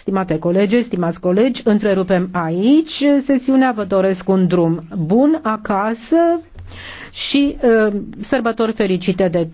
Stimate colege, stimați colegi, întrerupem aici sesiunea. Vă doresc un drum bun acasă și uh, sărbători fericite de